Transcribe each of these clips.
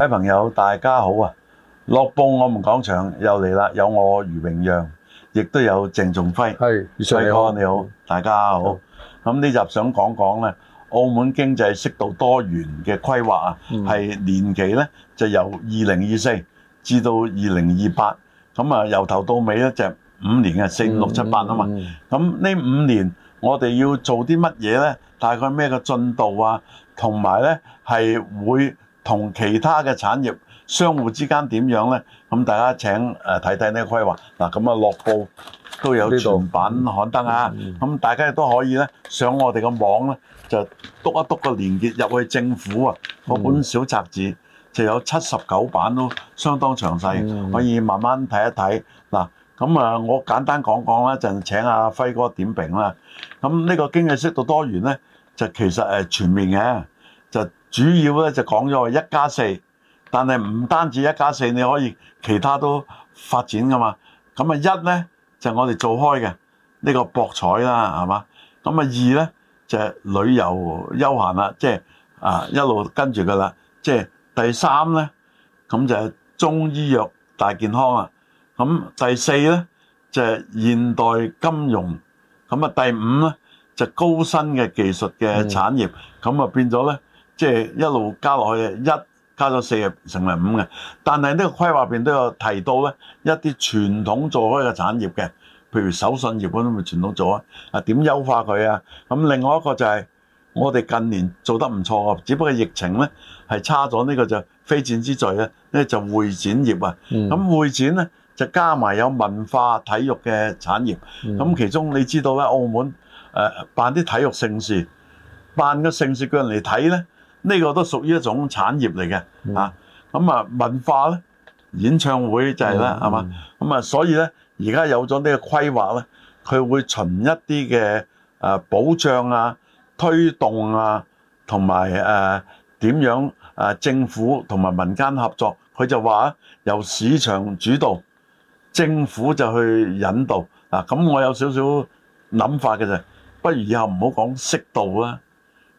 各位朋友，大家好啊！樂報我們講場又嚟啦，有我余榮讓，亦都有鄭仲輝。係，余 Sir 你好，嗯、大家好。咁呢集想講講咧，澳門經濟適度多元嘅規劃啊，係、嗯、年期咧就由二零二四至到二零二八，咁啊由頭到尾咧就五年嘅四五六七八啊嘛。咁呢五年我哋要做啲乜嘢咧？大概咩嘅進度啊？同埋咧係會。同其他嘅產業相互之間點樣呢？咁大家請睇睇呢個規劃嗱，咁啊落報都有全版刊登啊！咁、嗯、大家亦都可以呢，上我哋個網呢，就篤一篤個連結入去政府啊嗰本小冊子，嗯、就有七十九版都相當詳細，嗯、可以慢慢睇一睇嗱。咁啊，我簡單講講啦，就請請阿輝哥點評啦。咁呢個經濟適度多元呢，就其實全面嘅就。主要呢就講咗話一加四，但係唔單止一加四，你可以其他都發展㗎嘛。咁啊一呢就我哋做開嘅呢個博彩啦，係嘛？咁啊二呢就係旅遊休閒啦，即係啊一路跟住㗎啦。即係第三呢咁就係中醫藥大健康啦。咁第四呢就係現代金融，咁啊第五呢就高新嘅技術嘅產業，咁啊變咗呢。即係一路加落去，一加咗四嘅成為五嘅。但係呢個規劃入邊都有提到咧，一啲傳統做開嘅產業嘅，譬如手信業本都咪傳統做啊，啊點優化佢啊？咁另外一個就係、是、我哋近年做得唔錯，只不過疫情咧係差咗。呢、這個就非戰之罪，咧，咧就會展業啊。咁、嗯、會展咧就加埋有文化體育嘅產業。咁、嗯、其中你知道咧，澳門誒、呃、辦啲體育盛事，辦個盛事叫人嚟睇咧。呢個都屬於一種產業嚟嘅，嚇咁、嗯、啊、啊文化咧，演唱會就係、是、啦，係嘛咁啊，所以咧而家有咗呢個規劃咧，佢會循一啲嘅誒保障啊、推動啊，同埋誒點樣誒、啊、政府同埋民間合作，佢就話、啊、由市場主導，政府就去引導嗱，咁、啊、我有少少諗法嘅就係，不如以後唔好講適度啦。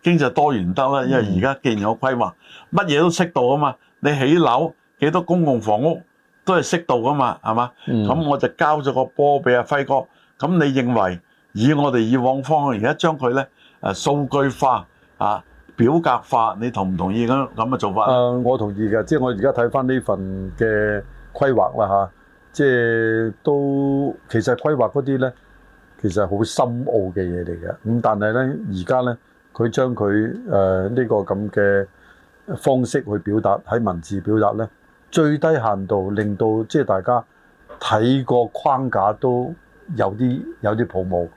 經濟多元得啦，因為而家既然有規劃，乜嘢都適度啊嘛。你起樓幾多公共房屋都係適度噶嘛，係嘛？咁、嗯、我就交咗個波俾阿輝哥。咁你認為以我哋以往方向，而家將佢咧誒數據化啊表格化，你同唔同意咁咁嘅做法咧、呃？我同意嘅，即係我而家睇翻呢份嘅規劃啦吓、啊，即係都其實規劃嗰啲咧，其實好深奧嘅嘢嚟嘅。咁但係咧，而家咧。佢將佢誒呢個咁嘅方式去表達喺文字表達咧，最低限度令到即係大家睇個框架都有啲有啲泡沫。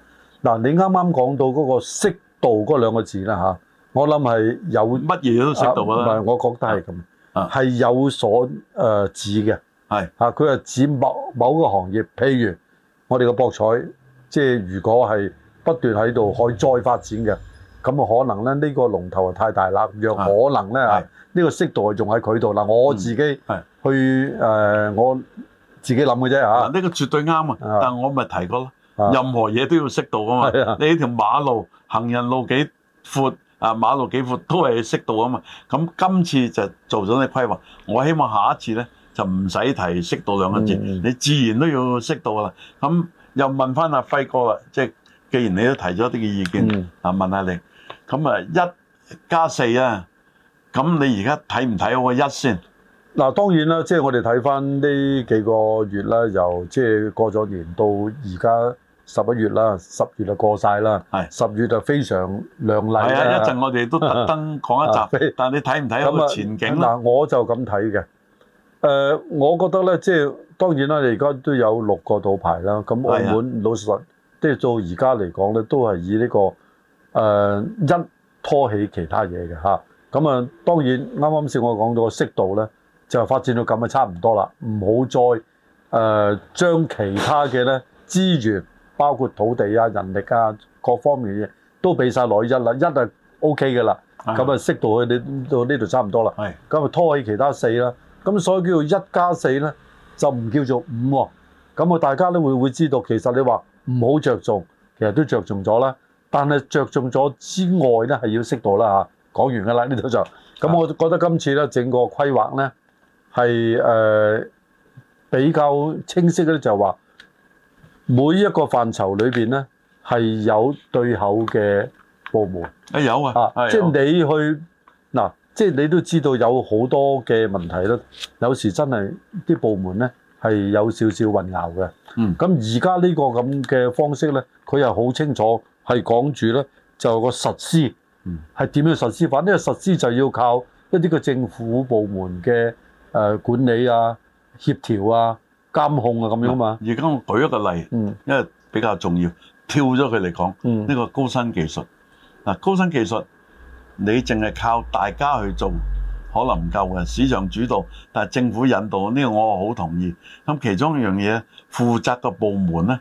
嗱、啊，你啱啱講到嗰個適度嗰兩個字啦嚇、啊，我諗係有乜嘢都適度啦。唔係、啊，我覺得係咁，係、啊、有所誒、呃、指嘅，係嚇，佢係指某某個行業，譬如我哋個博彩，即、就、係、是、如果係不斷喺度可以再發展嘅。咁啊可能咧呢、呢個龍頭啊太大啦，若可能咧，呢個適度仲喺佢度我自己去、呃、我自己諗嘅啫呢個絕對啱啊！但我咪提過咯，任何嘢都要適度啊嘛。啊你條馬路行人路幾闊啊？馬路幾闊都係要適度啊嘛。咁今次就做咗啲規劃，我希望下一次咧就唔使提適度兩個字，嗯、你自然都要適度啊。咁又問翻阿輝哥啦，即、就、係、是、既然你都提咗啲嘅意見，啊、嗯、問下你。咁啊，一加四啊，咁你而家睇唔睇好個一先？嗱，當然啦，即係我哋睇翻呢幾個月啦，由即係過咗年到而家十一月啦，十月就過晒啦，十的月就非常亮麗。係啊，一陣我哋都特登講一集俾。 但係你睇唔睇好個前景嗱，嗯，我就咁睇嘅。誒、呃，我覺得咧，即係當然啦，你而家都有六個賭牌啦。咁澳門的老實，即係到而家嚟講咧，都係以呢個。誒、呃、一拖起其他嘢嘅吓，咁啊，當然啱啱先我講到個適度咧，就發展到咁啊差唔多啦，唔好再誒、呃、將其他嘅咧資源， 包括土地啊、人力啊各方面嘅嘢，都俾晒落去一啦，一係 O K 㗎啦，咁啊適度去到呢度差唔多啦，咁啊，的拖起其他四啦，咁所以叫做一加四咧，就唔叫做五喎、哦，咁啊大家都會會知道，其實你話唔好着重，其實都着重咗啦。但係着重咗之外咧，係要適度啦嚇。講完㗎啦，呢度就咁，那我覺得今次咧，整個規劃咧係誒比較清晰咧，就係話每一個範疇裏邊咧係有對口嘅部門。誒、欸、有啊，即係、啊、是你去嗱，即係、啊啊就是、你都知道有好多嘅問題啦。有時真係啲部門咧係有少少混淆嘅。嗯。咁而家呢個咁嘅方式咧，佢又好清楚。係講住咧，就個實施，係點樣實施？反正實施就要靠一啲個政府部門嘅管理啊、協調啊、監控啊咁樣嘛。而家我舉一個例，因為比較重要，跳咗佢嚟講呢個高新技術。嗱，高新技術你淨係靠大家去做，可能唔夠嘅市場主導，但係政府引導呢個我好同意。咁其中一樣嘢，負責個部門咧。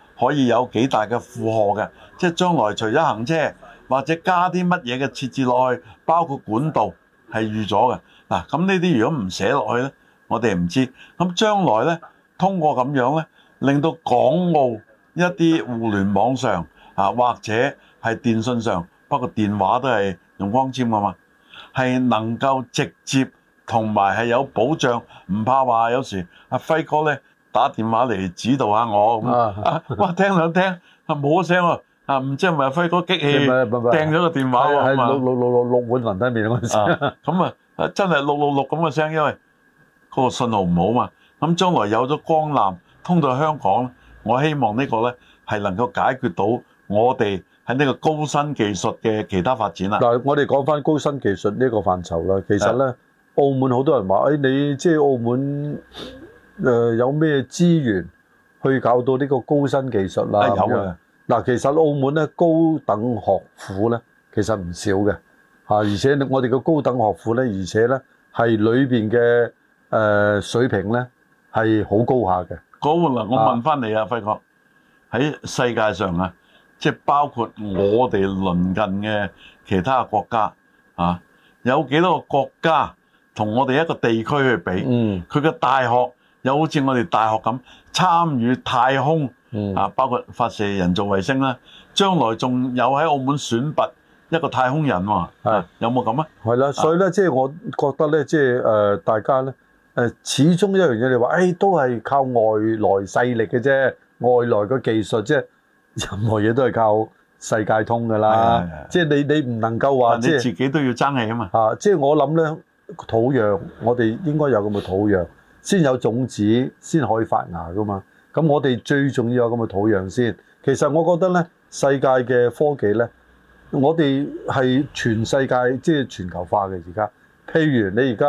可以有幾大嘅負荷嘅，即係將來除咗行車，或者加啲乜嘢嘅設置落去，包括管道係預咗嘅。嗱，咁呢啲如果唔寫落去呢，我哋唔知。咁將來呢，通過咁樣呢，令到港澳一啲互聯網上啊，或者係電信上，包括電話都係用光纖嘅嘛，係能夠直接同埋係有保障，唔怕話有時阿輝哥呢。打電話嚟指導下我咁啊！哇，聽兩聽，冇聲喎，啊唔知係咪輝哥激氣，掟咗個電話喎，係六六六六六碗雲吞麵咁嘅聲，咁啊，真係六六六咁嘅聲，因為個信號唔好嘛。咁將來有咗光纜通到香港，我希望呢個咧係能夠解決到我哋喺呢個高新技術嘅其他發展啦。嗱，我哋講翻高新技術呢個範疇啦，其實咧澳門好多人話，誒你即係澳門。誒、呃、有咩資源去搞到呢個高新技術啦、啊？咁、嗯、樣嗱，嗯、其實澳門咧高等學府咧其實唔少嘅嚇、啊，而且我哋嘅高等學府咧，而且咧係裏邊嘅誒水平咧係好高下嘅嗰個嗱，我問翻你啊，輝哥喺世界上啊，即、就、係、是、包括我哋鄰近嘅其他國家啊，有幾多個國家同我哋一個地區去比？嗯，佢嘅大學。有好似我哋大學咁參與太空啊，嗯、包括發射人造衛星啦。將來仲有喺澳門選拔一個太空人喎是、啊，有冇咁啊？係啦，所以咧，啊、即係我覺得咧，即係、呃、大家咧、呃、始終一樣嘢你話，誒、哎、都係靠外來勢力嘅啫，外來嘅技術，即係任何嘢都係靠世界通噶啦。即係的你你唔能夠話即係自己都要爭氣啊嘛。啊即係我諗咧，土壤，我哋應該有咁嘅土壤。先有種子，先可以發芽噶嘛。咁我哋最重要有咁嘅土壤先。其實我覺得呢世界嘅科技呢，我哋係全世界即係全球化嘅而家。譬如你而家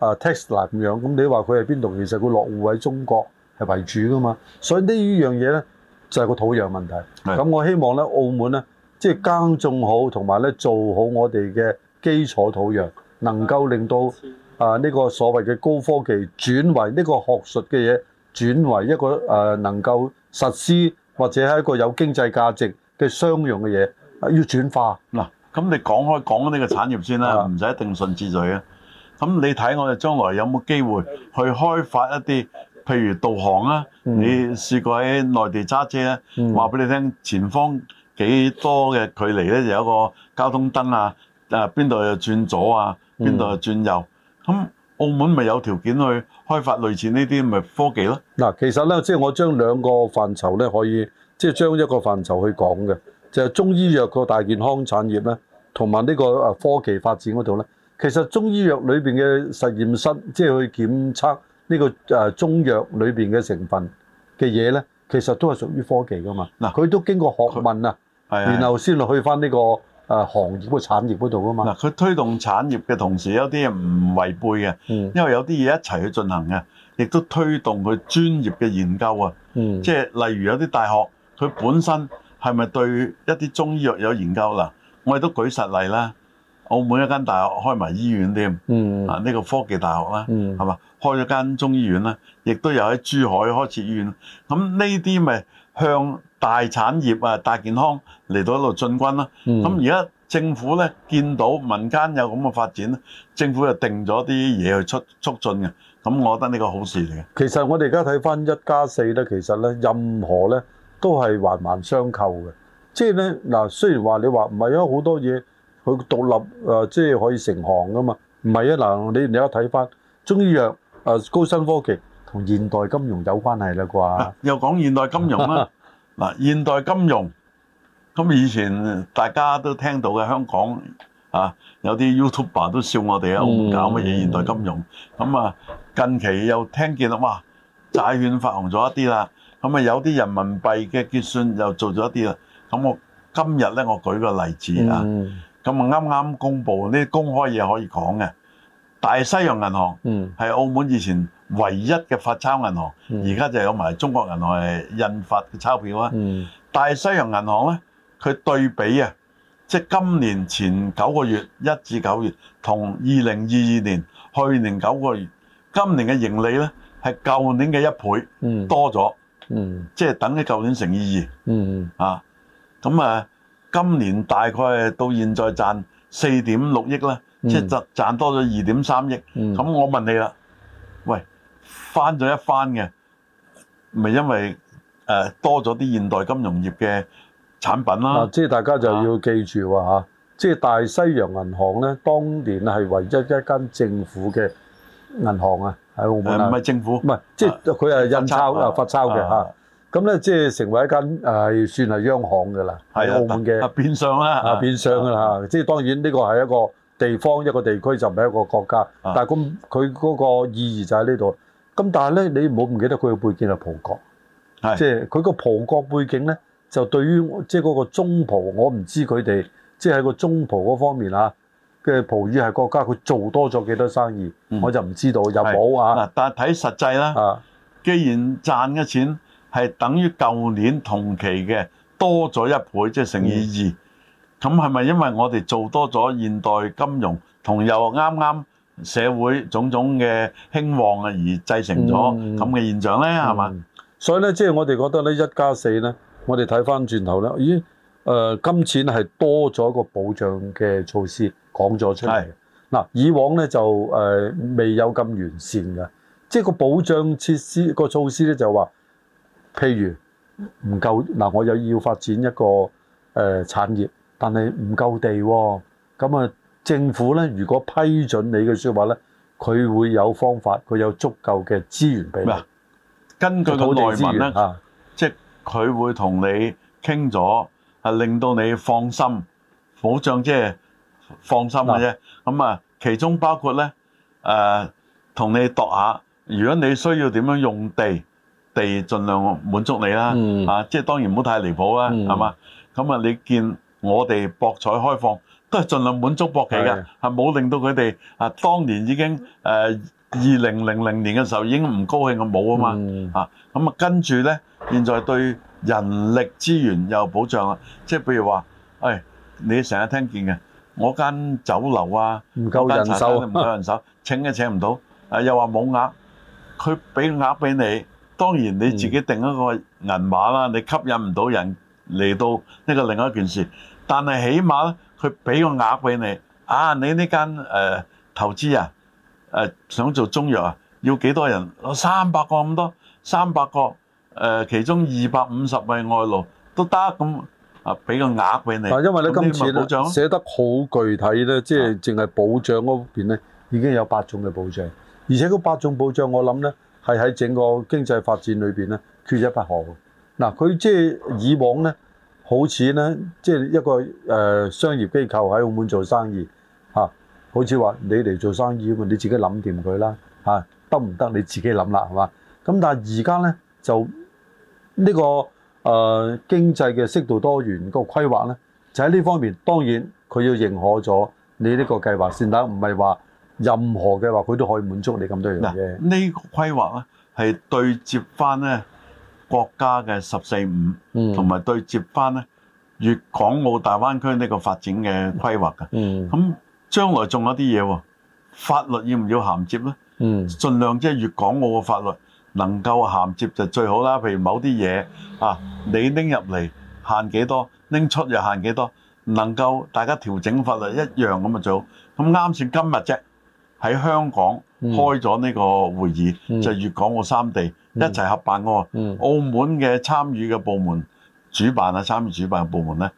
啊 Tesla 咁樣，咁你話佢係邊度？其實佢落戶喺中國係為主噶嘛。所以呢樣嘢呢，就係、是、個土壤問題。咁的我希望呢，澳門呢，即係耕種好，同埋呢做好我哋嘅基礎土壤，能夠令到。啊！呢、這個所謂嘅高科技轉為呢個學術嘅嘢，轉為一個誒、呃、能夠實施或者係一個有經濟價值嘅商用嘅嘢、啊，要轉化嗱。咁你講開講緊呢個產業先啦，唔使的一定順次序，咁你睇我哋將來有冇機會去開發一啲譬如導航啊，你試過喺內地揸車啊，話俾、嗯、你聽前方幾多嘅距離咧，就有一個交通燈啊，誒邊度又轉左啊，邊度又轉右。嗯咁澳門咪有條件去開發類似呢啲咪科技咯？嗱，其實呢，即係我將兩個範疇呢可以即係將一個範疇去講嘅，就係中醫藥個大健康產業呢，同埋呢個誒科技發展嗰度呢。其實中醫藥裏邊嘅實驗室，即係去檢測呢個誒中藥裏邊嘅成分嘅嘢呢，其實都係屬於科技噶嘛。嗱，佢都經過學問啊，他然後先去翻呢個。誒、啊、行業個產業嗰度啊嘛，嗱，佢推動產業嘅同時，有啲唔違背嘅，嗯、因為有啲嘢一齊去進行嘅，亦都推動佢專業嘅研究啊，嗯、即係例如有啲大學，佢本身係咪對一啲中醫藥有研究啦，我哋都舉實例啦，澳門一間大學開埋醫院添，嗯、啊呢、呢個科技大學啦，係嘛，嗯、開咗間中醫院啦，亦都有喺珠海開設醫院，咁呢啲咪？向大產業啊、大健康嚟到一路進軍啦。咁而家政府咧見到民間有咁嘅發展，政府就定咗啲嘢去促促進嘅。咁我覺得呢個好事嚟嘅。其實我哋而家睇翻一加四咧，其實咧任何咧都係環環相扣嘅。即係咧嗱，雖然話你話唔係有好多嘢佢獨立啊，即、呃、係、就係、可以成行噶嘛。唔係啊，嗱你而家睇翻中醫藥啊、呃，高新科技。同現代金融有關係啦啩？又講現代金融啦。嗱，現代金融咁以前大家都聽到嘅香港啊，有啲 YouTuber 都笑我哋啊，澳門搞乜嘢現代金融咁啊？近期又聽見啦，哇，債券發行咗一啲啦，咁啊有啲人民幣嘅結算又做咗一啲啦。咁我今日咧，我舉個例子啊。咁啊啱啱公布呢公開嘢可以講嘅，大西洋銀行嗯，係澳門以前唯一嘅發鈔銀行，而家就有埋中國銀行係印發嘅鈔票啊！嗯、但係大西洋銀行咧，佢對比啊，即係今年前九個月一至九月，同二零二二年去年九個月，今年嘅盈利咧係舊年嘅一倍多了，多咗、嗯，嗯、即係等於舊年乘以二啊！咁啊，今年大概到現在賺四點六億啦，嗯、即係賺賺多咗二點三億。咁、嗯、我問你啦，喂？翻咗一番嘅？咪因為誒多咗啲現代金融業嘅產品啦。即係大家就要記住話吓，即係大西洋銀行咧，當年係唯一一間政府嘅銀行啊，喺澳門。唔係政府，唔係，即係佢係印鈔啊發鈔嘅吓。咁咧即係成為一間誒算係央行噶啦，係澳門嘅變相啦，變相噶啦。即係當然呢個係一個地方一個地區就唔係一個國家，但係咁佢嗰個意義就喺呢度。咁但係呢，你唔好唔記得佢嘅背景係葡國，即係佢個葡國背景呢，就對於即係嗰個中葡，我唔知佢哋即係喺個中葡嗰方面佢嘅葡語系國家，佢做多咗幾多生意，嗯、我就唔知道有冇啊。嗱，但係睇實際啦，既然賺嘅錢係等於舊年同期嘅多咗一倍，即係乘以二，咁係咪因為我哋做多咗現代金融，同又啱啱，社會種種嘅興旺啊，而製成咗咁嘅現象咧，係嘛、嗯吧嗯？所以咧，即係我哋覺得咧，一加四咧，我哋睇翻轉頭咧，咦？誒、呃，金錢係多咗一個保障嘅措施講咗出嚟。嗱是，以往咧就誒未、呃、有咁完善嘅，即係個保障設施個措施咧就話，譬如唔夠嗱，我又要發展一個誒、呃、產業，但係唔夠地喎、哦，咁、嗯、啊。政府咧，如果批准你嘅說話咧，佢會有方法，佢有足夠嘅資源俾你。根據個內文咧，嚇，即係佢會同你傾咗，係令到你放心，保障即係放心嘅啫。咁啊，其中包括咧，誒、呃，同你度下，如果你需要點樣用地，地盡量滿足你啦。嗯、啊，即係當然唔好太離譜啦，係嘛、嗯？咁啊，你見我哋博彩開放。都盡量滿足博企嘅，係冇令到佢哋啊，當年已經誒二零零零年嘅時候已經唔高興，咁冇啊嘛啊咁啊，跟住咧，現在對人力資源又有保障啦。即係譬如話，誒你成日聽見嘅，我間酒樓啊，唔夠人手，唔夠人手，請嘅請唔到，啊又話冇額，佢俾額俾你，當然你自己定一個銀碼啦。你吸引唔到人嚟到呢個另外一件事，但係起碼咧。佢俾個額俾你，啊！你呢間誒投資啊，誒、呃、想做中藥啊，要幾多人？三百個咁多，三百個誒、呃，其中二百五十位外勞都得咁啊！俾個額俾你。嗱，因為咧，今次保障寫得好具體咧，即係淨係保障嗰、啊就是、邊咧，已經有八種嘅保障，而且個八種保障我諗咧，係喺整個經濟發展裏邊咧，缺一不可。嗱，佢即係以往咧。嗯好似咧，即係一個誒、呃、商業機構喺澳門做生意、啊、好似話你嚟做生意啊，你自己諗掂佢啦，得唔得你自己諗啦，係嘛？咁但係而家咧就呢、呢個誒、呃、經濟嘅適度多元個規劃咧，就喺呢方面，當然佢要認可咗你呢個計劃先得，唔係話任何計劃佢都可以滿足你咁多樣嘢。呢個規劃咧係對接翻咧。國家嘅十四五，同埋對接翻咧粵港澳大灣區呢個發展嘅規劃嘅。咁將來仲有啲嘢喎，法律要唔要涵接呢？盡量即係粵港澳嘅法律能夠涵接就最好啦。譬如某啲嘢啊，你拎入嚟限幾多，拎出又限幾多，能夠大家調整法律一樣咁就最好。咁啱先今日啫，喺香港開咗呢個會議，就粵港澳三地。一齊合辦喎，嗯、澳門嘅參與嘅部門、嗯、主辦啊，參與主辦嘅部門呢，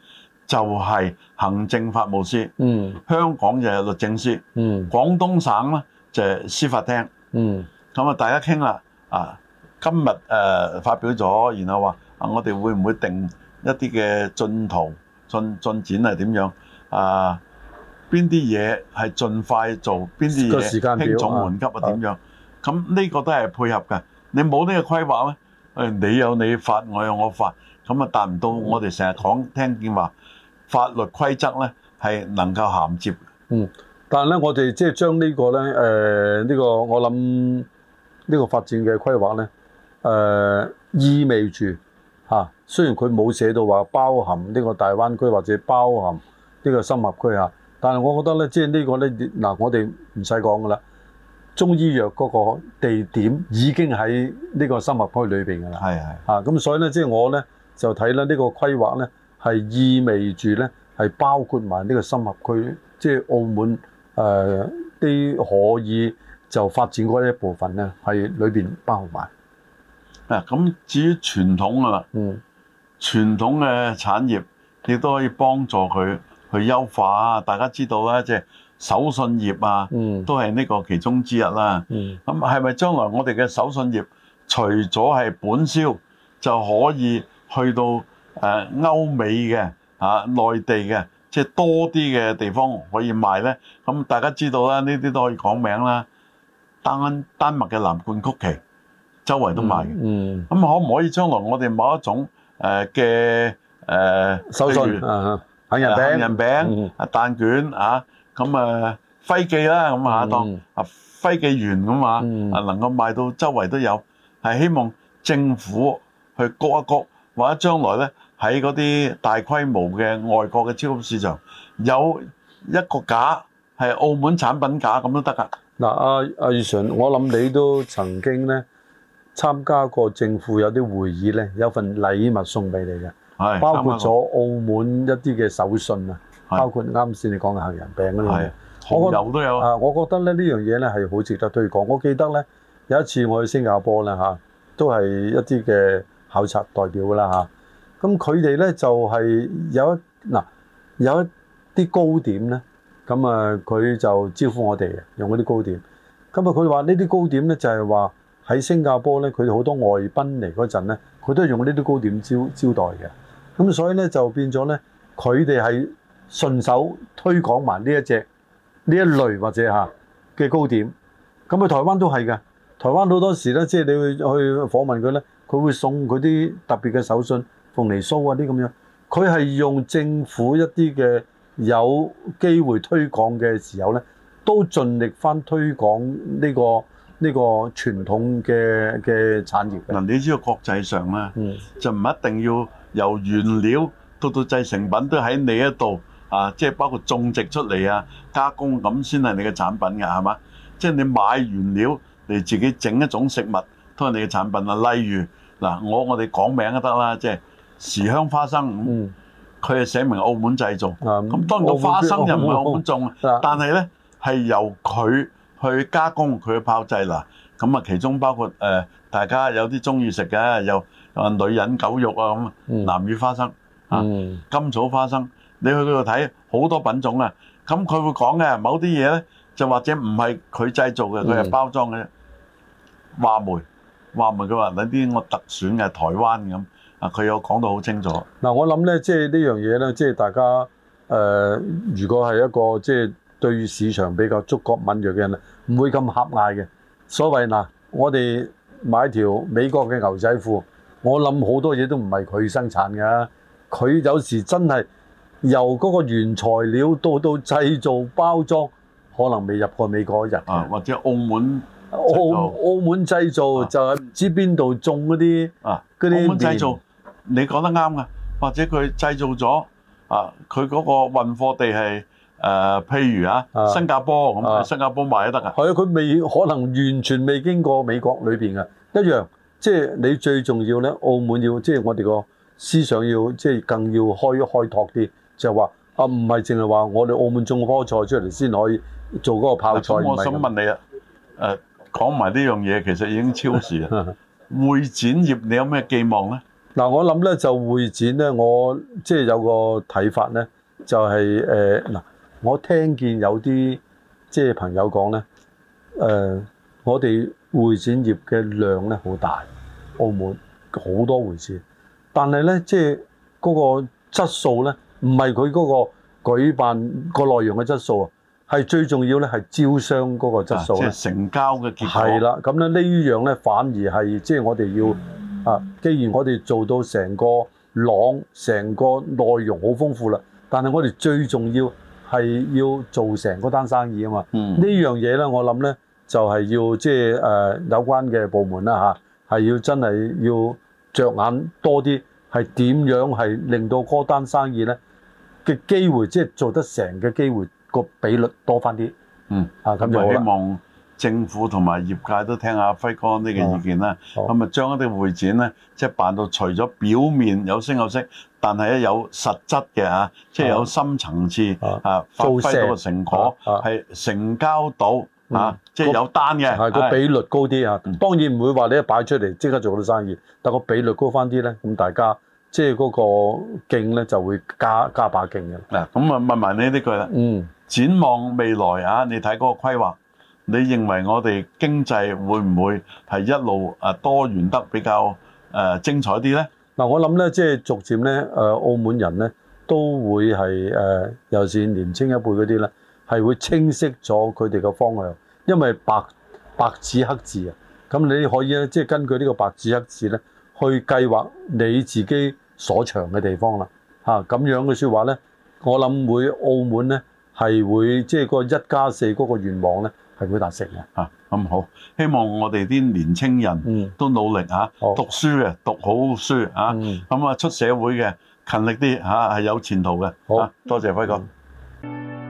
就係、是、行政法務司，嗯、香港就係律政司，嗯、廣東省呢，就係、是、司法廳。咁啊、嗯，大家傾啦啊，今日誒、呃、發表咗，然後話啊，我哋會唔會定一啲嘅進度進進展係點樣啊？邊啲嘢係盡快做，邊啲嘢輕重緩急啊？點樣咁？呢個都係配合嘅。你冇呢個規劃咩？誒、哎，你有你法，我有我法，咁啊，達唔到我哋成日講、聽見話法律規則咧係能夠銜接。嗯，但係咧，我哋即係將個呢、呃、這個咧誒、呢個我諗呢個發展嘅規劃咧誒、呃、意味住嚇、啊，雖然佢冇寫到話包含呢個大灣區或者包含呢個深合區嚇、啊，但係我覺得咧即係呢個咧嗱，我哋唔使講噶啦。中醫藥嗰個地點已經喺呢個深合區裏面㗎啦是是、啊，咁所以咧，即、就、係、是、我咧就睇咧呢個規劃咧係意味住咧係包括埋呢個深合區，即、就、係、是、澳門誒啲、呃、可以就發展嗰一部分咧，係裏邊包埋、啊。嗱，咁至於傳統啊，嗯，傳統嘅產業亦都可以幫助佢去優化。大家知道咧，即係。手信業啊，都係呢個其中之一啦。咁係咪將來我哋嘅手信業除咗係本銷，就可以去到誒歐美嘅、啊內地嘅，即係多啲嘅地方可以賣咧？咁大家知道啦，呢啲都可以講名啦。丹丹麥嘅藍罐曲奇，周圍都賣嘅。咁可唔可以將來我哋某一種誒嘅誒手信，杏仁餅、杏仁餅、蛋卷啊？咁誒揮記啦，咁啊當啊揮記員咁啊，啊能夠賣到周圍都有，係希望政府去谷一谷，或者將來咧喺嗰啲大規模嘅外國嘅超級市場有一個架係澳門產品架咁都得噶。嗱，阿阿余 Sir，我諗你都曾經咧參加過政府有啲會議咧，有份禮物送俾你嘅，係，包括咗澳門一啲嘅手信啊。包括啱先你講嘅杏仁餅嗰啲嘢，係的我覺得有都有啊。我覺得咧呢樣嘢咧係好值得推廣。我記得咧有一次我去新加坡咧嚇、啊，都係一啲嘅考察代表啦嚇。咁佢哋咧就係、係、有一嗱、啊、有一啲糕點咧，咁啊佢就招呼我哋用嗰啲糕點。咁啊佢話呢啲糕點咧就係話喺新加坡咧，佢哋好多外賓嚟嗰陣咧，佢都係用呢啲糕點招招待嘅。咁、啊、所以咧就變咗咧，佢哋係，順手推廣埋呢一隻呢一類或者嚇嘅糕點，咁啊台灣都係嘅。台灣好多時咧，即係你會去訪問佢咧，佢會送佢啲特別嘅手信，鳳梨酥啊啲咁樣。佢係用政府一啲嘅有機會推廣嘅時候咧，都盡力翻推廣呢個呢個傳統嘅嘅產業。嗱，你知喺國際上咧，嗯、就唔一定要由原料到到製成品都喺你一度。啊，即係包括種植出嚟啊，加工咁先係你嘅產品嘅，係嘛？即係你買原料嚟自己整一種食物，都係你嘅產品啊。例如嗱、啊，我我哋講名都得啦，即係時香花生，佢係、嗯、寫明澳門製造。咁、嗯、當然個花生又唔係澳門種，門門門啊、但係咧係由佢去加工，佢去炮製啦咁啊，其中包括誒、呃，大家有啲中意食嘅，有女人狗肉啊咁，南乳花生，甘、嗯嗯啊、草花生。你去度睇好多品種啊！咁佢會講嘅某啲嘢咧，就或者唔係佢製造嘅，佢係包裝嘅啫、嗯。話梅話梅，佢話嗱啲我特選嘅台灣咁啊，佢有講到好清楚。嗱、嗯，我諗咧，即係呢樣嘢咧，即係大家誒、呃，如果係一個即係對市場比較觸覺敏銳嘅人咧，唔會咁狹隘嘅。所謂嗱，我哋買條美國嘅牛仔褲，我諗好多嘢都唔係佢生產㗎，佢有時真係。由嗰個原材料到到製造包裝，可能未入過美國一日嘅、啊，或者澳門澳澳門製造就係唔知邊度種嗰啲啊嗰啲。澳門製造，你講得啱嘅，或者佢製造咗啊，佢嗰個運貨地係誒、呃，譬如啊新加坡咁喺、啊、新加坡買都得嘅。係啊，佢未可能完全未經過美國裏邊嘅一樣，即係你最重要咧，澳門要即係我哋個思想要即係更要開一開拓啲。就話啊，唔係淨係話我哋澳門種棵菜出嚟先可以做嗰個泡菜。但我想問你這啊，誒講埋呢樣嘢其實已經超時啦。 會展業你有咩寄望咧？嗱、啊，我諗咧就會展咧，我即係有個睇法咧，就係誒嗱，我聽見有啲即係朋友講咧，誒、呃、我哋會展業嘅量咧好大，澳門好多會展，但係咧即係嗰個質素咧。唔係佢嗰個舉辦個內容嘅質素啊，係最重要咧，係招商嗰個質素啦。即、啊就係、成交嘅結果。係啦，咁咧呢樣咧反而係即係我哋要啊，既然我哋做到成個朗，成個內容好豐富啦，但係我哋最重要係要做成嗰單生意啊嘛。嗯、這樣東西呢樣嘢咧，我諗咧就係、係、要即係誒有關嘅部門啦嚇，係、啊、要真係要着眼多啲。係點樣係令到嗰單生意咧嘅機會，即係做得成嘅機會個比率多翻啲？嗯啊咁就希望政府同埋業界都聽下輝哥呢個意見啦。咁啊將一啲會展咧，即係辦到除咗表面有聲有色，但係咧有實質嘅嚇，即係有深層次啊，發揮到個成果係成交到嚇，即係有單嘅係個比率高啲啊。當然唔會話你擺出嚟即刻做到生意，但個比率高翻啲咧，咁大家。即係嗰個勁咧，就會加加把勁嘅。嗱、啊，咁啊問埋你呢句啦。嗯，展望未來啊，你睇嗰個規劃，你認為我哋經濟會唔會係一路啊多元得比較誒、呃、精彩啲咧？嗱、啊，我諗咧，即、就、係、是、逐漸咧，誒，澳門人咧都會係誒、呃，尤其是年青一輩嗰啲咧，係會清晰咗佢哋嘅方向，因為白白紙黑字啊。咁你可以咧，即、就、係、是、根據呢個白紙黑字咧。去計劃你自己所長嘅地方啦，嚇、啊、咁樣嘅説話呢，我諗會澳門呢係會即係、就是、個一加四嗰個願望呢係會達成嘅嚇，咁好，希望我哋啲年輕人都努力嚇、啊嗯、讀書嘅讀好書嚇咁啊，嗯、啊出社會嘅勤力啲嚇係有前途嘅，好、嗯啊、多謝輝哥。嗯